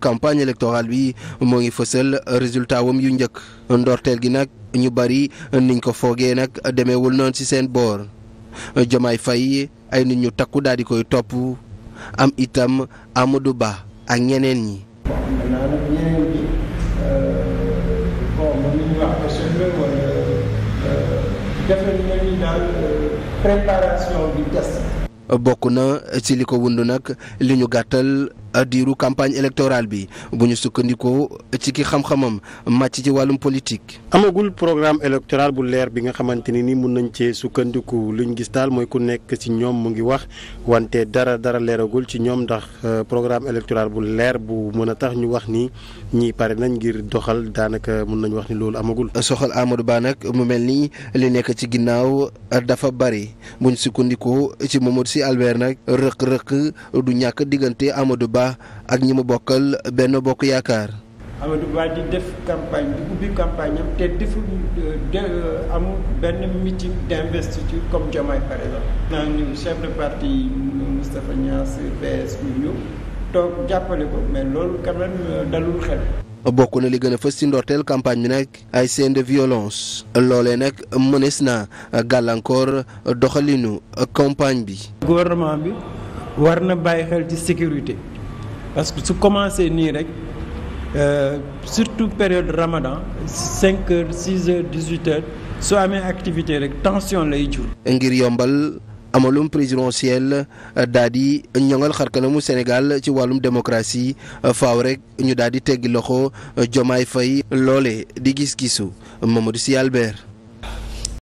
campagne électorale bi moo ngi fësal résultat wam yu njëkk ndorteel gi nag ñu bari niñ ko foogee nag demeewul noonu ci seen boor Jomaay Fay ay nit ñu takku daal di koy topp am itam Amadou Ba ak ñeneen ñi. bokk na ci li ko wund nag li ñu gàttal diiru campagne électorale bi bu ñu sukkandikoo ci ki xam-xamam màcc ci wàllum politique. amagul programme électoral bu leer bi nga xamante ni ni mun nañ cee sukkandiku luñ gis daal mooy ku nekk ci ñoom mu ngi wax wante dara dara leeragul ci ñoom ndax euh, programme électoral bu leer bu mën a tax ñu wax ni ñii pare nañ ngir doxal daanaka mun nañu wax ni loolu amagul. soxal Amadou Ba nag mu mel nii li nekk ci ginnaaw dafa bari buñ sukkandikoo ci Mamadou Sy Albert nag rëq du ñàkk diggante Amadou Ba Ba ak ñi mu bokkal benn bokk yaakaar. Amadou Ba di def campagne di ubbi campagne te deful euh, amul benn meeting d'investiture comme Diomaye par exemple. naa ñu chef de parti Moustapha Niass PS ñu ñëw toog jàppale ko mais loolu quand euh, dalul xel. bokk na li gën a fës ci ndorteel campagne bi nag ay scène de violence loolee nag mënees na gàllankoor doxalinu campagne bi. gouvernement bi war na bàyyi xel ci sécurité. parce que su commencé nii rek euh, surtout période ramadan 5 heures 6 heures su amee activité rek tension lay jur. ngir yombal. amalum présidentiel euh, daal di ñoŋal mu Sénégal ci wàllum démocratie euh, faaw rek ñu daal di teggi loxo Jomaay Fay loole di gis-gisu Mamadou Sy Albert